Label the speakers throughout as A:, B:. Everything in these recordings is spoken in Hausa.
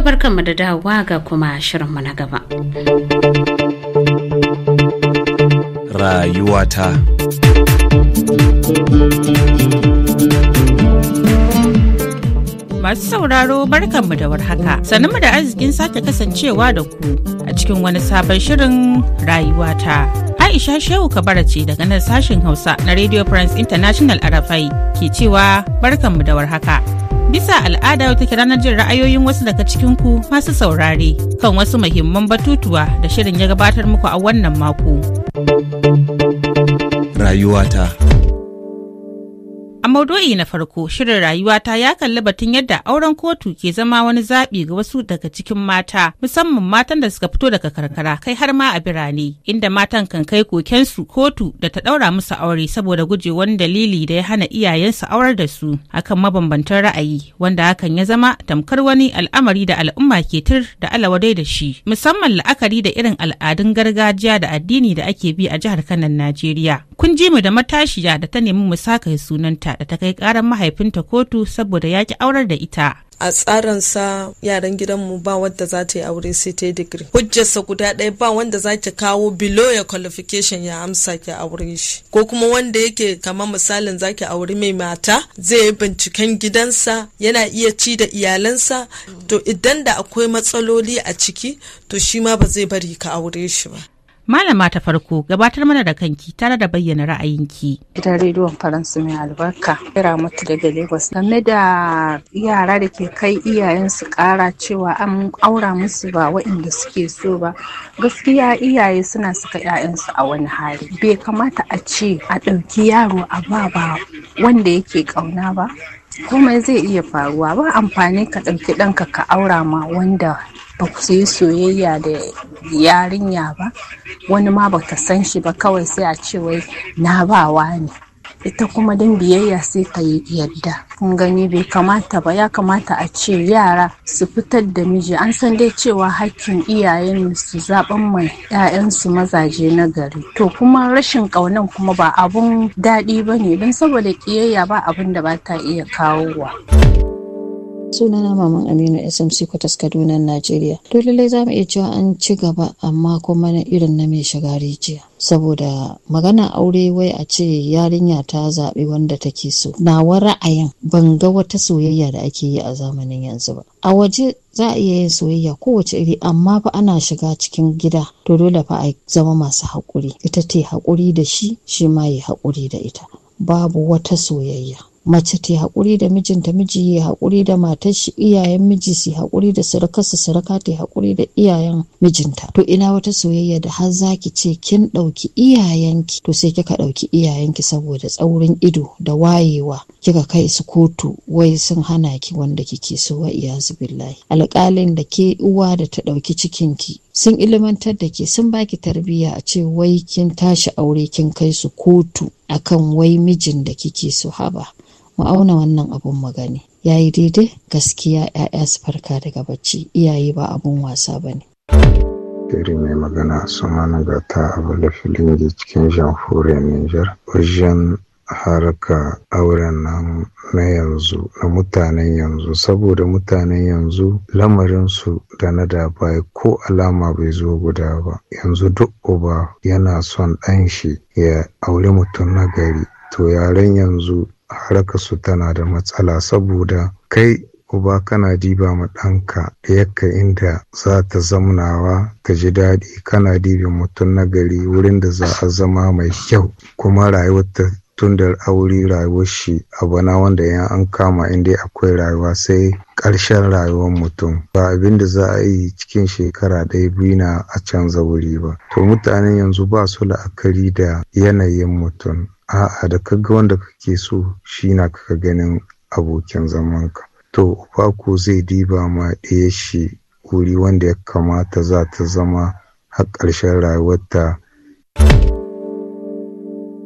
A: To kanmu da dawowa ga kuma shirinmu na gaba.
B: Rayuwata
C: Masu sauraro barkanmu da warhaka, mu da arzikin sake kasancewa da ku a cikin wani sabon shirin rayuwata. Aisha Shehu Kabara ce daga nan sashen Hausa na Radio France International Arafai ke cewa barkanmu da warhaka. Bisa al'ada wata ranar jin ra'ayoyin wasu daga cikin ku masu saurare kan wasu muhimman batutuwa da shirin ya gabatar muku a wannan mako.
D: Rayuwata.
C: A maudu'i na farko shirin rayuwata ya kalli batun yadda auren kotu ke zama wani zaɓi ga wasu daga cikin mata musamman matan da suka fito daga karkara kai har ma a birane inda matan kan kai kokensu kotu da ta ɗaura musu aure saboda guje wani dalili da ya hana iyayensu aurar da su akan mabambantan ra'ayi wanda hakan ya zama tamkar wani al'amari da al'umma ke tir da alawadai da shi musamman la'akari da irin al'adun gargajiya da addini da ake bi a jihar Kanan Najeriya. Kun ji mu da matashiya da ta nemi mu saka sunanta. ɗanta da ta kai ƙaran mahaifinta kotu saboda ya ki aurar da ita. a sa yaran gidanmu ba wanda za ta yi aure sai ta yi digiri hujjarsa guda ɗaya ba wanda za ki kawo below ya qualification ya amsa ki aure shi ko kuma wanda yake kamar misalin za ki aure mai mata zai yi binciken gidansa yana iya ci da iyalansa to idan da akwai matsaloli a ciki to shi ma ba zai bari ka aure shi ba Malama ta farko gabatar mana da kanki tare da bayyana ra'ayinki. Gidan rediyon Faransa mai albarka, kira mutu daga Lagos game da yara da ke kai iyayensu kara cewa an aura musu ba waɗanda suke so ba. Gaskiya iyaye suna saka 'ya'yansu a wani hali. Bai kamata a ce a ɗauki yaro a ba ba wanda yake ƙauna ba. komai zai iya faruwa ba amfani ka ɗauki ɗanka ka aura ma wanda ba ku yi soyayya da yarinya ba wani ma ba ka san shi ba kawai sai a ce wai na bawa ne ita kuma don biyayya sai ta yi yadda kun gani bai kamata ba ya kamata a ce yara su fitar da miji an san dai cewa hakkin iyayen su zaben mai 'ya'yansu mazaje na gari to kuma rashin ƙaunan kuma ba abun daɗi ba ne don saboda ƙiyayya ba abun da ba ta iya kawowa.
A: sunana maman aminu smc kwatas kaduna najeriya to lallai za mu iya cewa an ci gaba amma kuma na irin na mai shiga rijiya saboda magana aure wai a ce yarinya ta zaɓi wanda take so nawa ra'ayin ban ga wata soyayya da ake yi a zamanin yanzu ba a waje za a iya yin soyayya kowace iri amma fa ana shiga cikin gida to dole fa a zama masu haƙuri ita ta haƙuri da shi shi ma ya haƙuri da ita babu wata soyayya mace ta haƙuri da mijinta miji ya haƙuri da matar shi iyayen miji su haƙuri da su suruka ta haƙuri da iyayen mijinta to ina wata soyayya da har zaki ce kin ɗauki iyayenki to sai kika ɗauki iyayenki saboda tsaurin ido da wayewa kika kai su kotu wai sun hana ki wanda kike so wa iyazu billahi alƙalin da ke uwa da ta ɗauki ki sun ilimantar da ke sun baki tarbiyya a ce wai kin tashi aure kin kai su kotu akan wai mijin da kike so haba mu auna wannan abun mu gani yayi daidai gaskiya 'ya'ya su farka daga bacci iyaye ba abun wasa ba ne.
D: iri mai magana sun ga ta abu da filingi cikin jamhuriyar Nijar wajen harka auren nan na yanzu na mutanen yanzu saboda mutanen yanzu lamarinsu da na da bai ko alama bai zo guda ba yanzu duk uba yana son ɗan shi ya auri mutum na gari to yaren yanzu su tana da matsala saboda kai uba kana diba ma ɗanka yakka inda za ta zamnawa ta ji daɗi kana dibin mutum na gari wurin da za a zama mai kyau kuma rayuwar tun da aure rayuwar shi abu na wanda yan an kama inda akwai rayuwa sai ƙarshen rayuwar mutum ba abin da za a yi cikin shekara ɗaya biyu na a canza wuri ba to mutanen yanzu ba su la'akari da yanayin mutum a'a da kaga wanda kake so shi na kaka ganin abokin zamanka to ba ko zai diba ma ɗaya shi wuri wanda ya kamata za ta zama har ƙarshen rayuwarta.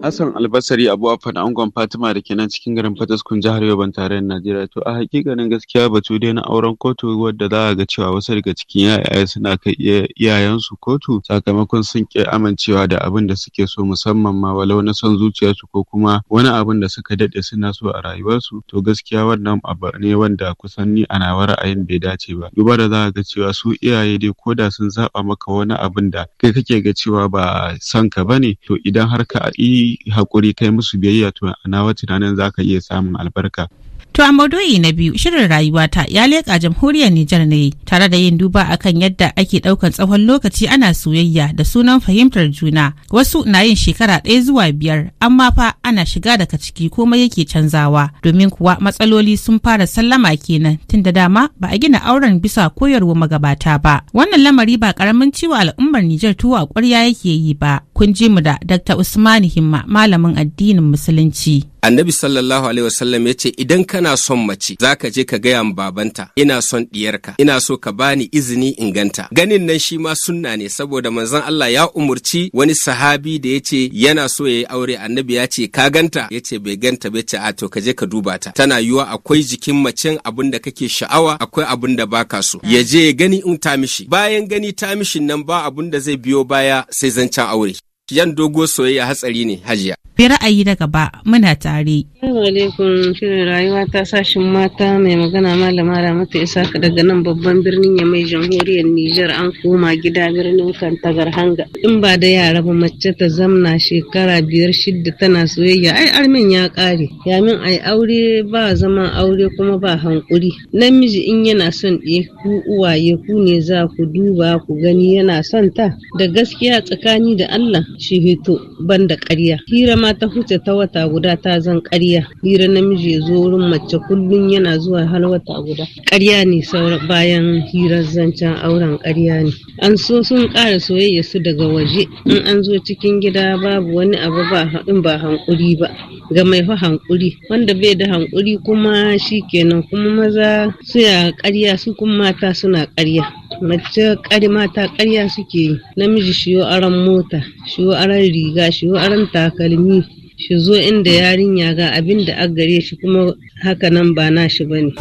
D: Hassan Albasari Abu Afan angon Fatima da kenan cikin garin Fataskun jihar Yoban tarayyar Najeriya to a hakikanin gaskiya batu dai na auren kotu wadda za a ga cewa wasu daga cikin yaya suna kai iyayensu kotu sakamakon sun ki amincewa da abin da suke so musamman ma walau na son su ko kuma wani abin da suka dade suna so a rayuwarsu to gaskiya wannan abu ne wanda kusan ni a nawa ra'ayin bai dace ba duba da za a ga cewa su iyaye dai ko da sun zaba maka wani abin da kai kake ga cewa ba son ka bane to idan har ka yi hakuri kai musu biyayya to a nawa tunanin za ka iya samun albarka.
C: To a maudu'i na biyu shirin rayuwata ya leƙa jamhuriyar Nijar ne tare da yin duba akan yadda ake ɗaukar tsawon lokaci ana soyayya da sunan fahimtar juna wasu na yin shekara ɗaya zuwa biyar amma fa ana shiga daga ciki komai yake canzawa domin kuwa matsaloli sun fara sallama kenan tun da dama ba a gina auren bisa koyarwa magabata ba wannan lamari ba ƙaramin ciwo al'ummar Nijar tuwa ƙwarya yake yi ba kun ji mu da Dr. Usmani Himma malamin addinin musulunci. Annabi sallallahu alaihi wasallam ya ce idan kana son mace zaka je ka gaya babanta ina son diyarka ina so ka bani izini in ganta ganin nan shi ma sunna ne saboda manzon Allah ya umurci wani sahabi da ya ce yana so ya yi aure annabi ya ce ka ganta ya ce bai ganta bai ce a to ka je ka duba ta tana yiwa akwai jikin
D: macen abinda kake sha'awa akwai abun da baka so ya je gani in ta mishi bayan gani ta mishi nan ba abun da zai biyo baya sai zancen aure yan dogo soyayya hatsari ne
C: hajiya bi ra'ayi na gaba muna tare.
B: alaikum shirin rayuwa ta sashin mata mai magana malama ramatu isa daga nan babban birnin ya mai jamhuriyar Nijar an koma gida birnin kantagar hanga. In ba da yara ba mace ta zamna shekara biyar shidda tana soyayya ai armin ya kare. Ya min ai aure ba zama aure kuma ba hankuri. Namiji in yana son ɗe ku uwaye ku ne za ku duba ku gani yana son ta. Da gaskiya tsakani da Allah shi hito ban da ƙarya. Hira ma ta huce ta wata guda ta zan ƙarya hira namiji ya zo wurin mace kullum yana zuwa har wata guda ƙarya ne bayan hirar zancen auren ƙarya ne an so sun ƙara soyayya su daga waje in an zo cikin gida babu wani abu ba haɗin ba hankuri ba ga mai fa hankuri wanda bai da hankuri kuma shikenan kuma maza suya ƙarya su kuma mata suna ƙarya mace ƙari mata ƙarya suke namiji shiyo aran mota shiyo aran riga shiyo aran takalmi shi zo inda yarinya ga abin da aka gare shi kuma haka nan ba na shi bane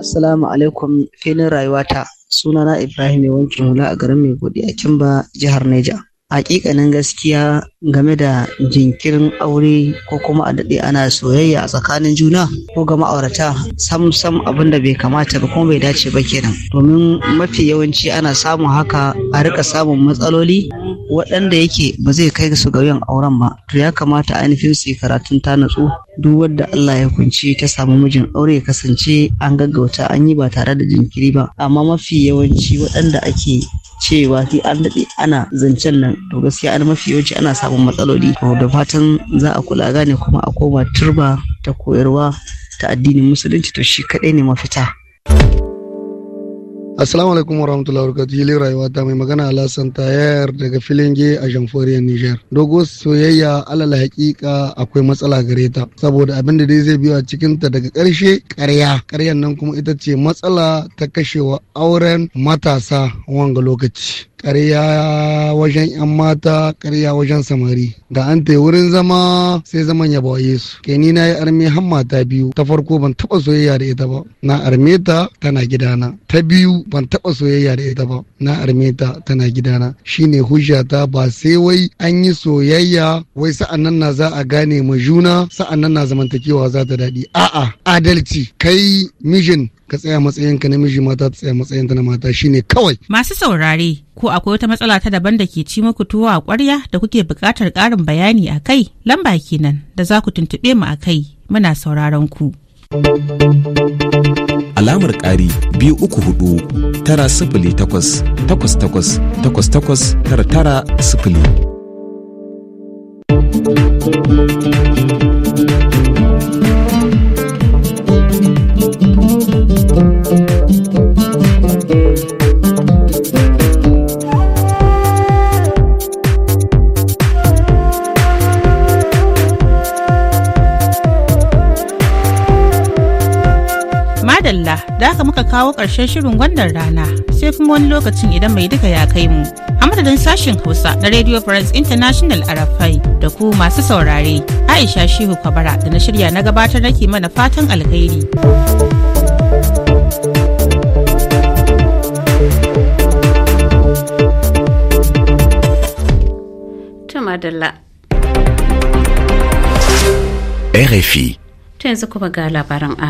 B: assalamu alaikum filin rayuwata sunana ibrahim wankin hula a garin mai godi a kimba jihar Neja. hakikanin gaskiya game da jinkirin aure ko kuma a daɗe ana soyayya a tsakanin juna ko ga ma'aurata sam sam abin da bai kamata ba kuma bai dace ba kenan domin mafi yawanci ana samun haka a rika samun matsaloli waɗanda yake ba zai kai su ga yin auren ba to ya kamata ainihin su yi karatun ta natsu duk wadda Allah ya kunci ta samu mijin aure ya kasance an gaggauta an yi ba tare da jinkiri ba amma mafi yawanci waɗanda ake cewa sai an daɗe ana zancen nan to gaskiya an mafi yawanci ana samun matsaloli da fatan za a kula gane kuma a koma turba ta koyarwa ta addinin
D: musulunci to shi kaɗai ne mafita. Assalamu alaikum warahmatullahi wabarakatuh Yili rayuwa ta mai magana Alhassan Tayar daga filin Filinge a Jamforiya Niger. Dogo soyayya alal hakika akwai matsala gare ta saboda abin da dai zai biyo a cikin ta daga ƙarshe ƙarya. Ƙaryan nan kuma ita ce matsala ta kashewa auren matasa wanga lokaci. ƙarya wajen 'yan mata karya wajen samari da an ta wurin zama sai zaman ya bawaye su ke na yi arme har mata biyu ta farko ban taɓa soyayya da ita ba na arme ta tana gidana ta biyu ban taɓa soyayya da ita ba na arme ta tana gidana shine hujja ta ba sai wai an yi soyayya wai sa'an nan na za a gane ma juna sa'an nan na zamantakewa za ta daɗi a'a adalci kai mijin ka tsaya matsayin ka namiji mata ta tsaya matsayin ta na mata shine kawai
C: masu saurare ko akwai wata matsala ta daban da ke ci muku tuwo a ƙwarya da kuke buƙatar ƙarin bayani a kai lamba kenan da za ku tuntuɓe mu a kai muna sauraron ku
D: alamar ƙari biyu uku hudu tara sifili takwas takwas takwas takwas takwas tara tara sifili
C: da aka muka kawo ƙarshen shirin gwandar rana sai kuma wani lokacin idan mai duka ya kai mu a madadin sashen hausa na radio france international arafai da ku masu saurare aisha shehu kwabara da na shirya na gabatar nake mana fatan alkhairi.
D: RFI.
A: yanzu kuma ga labaran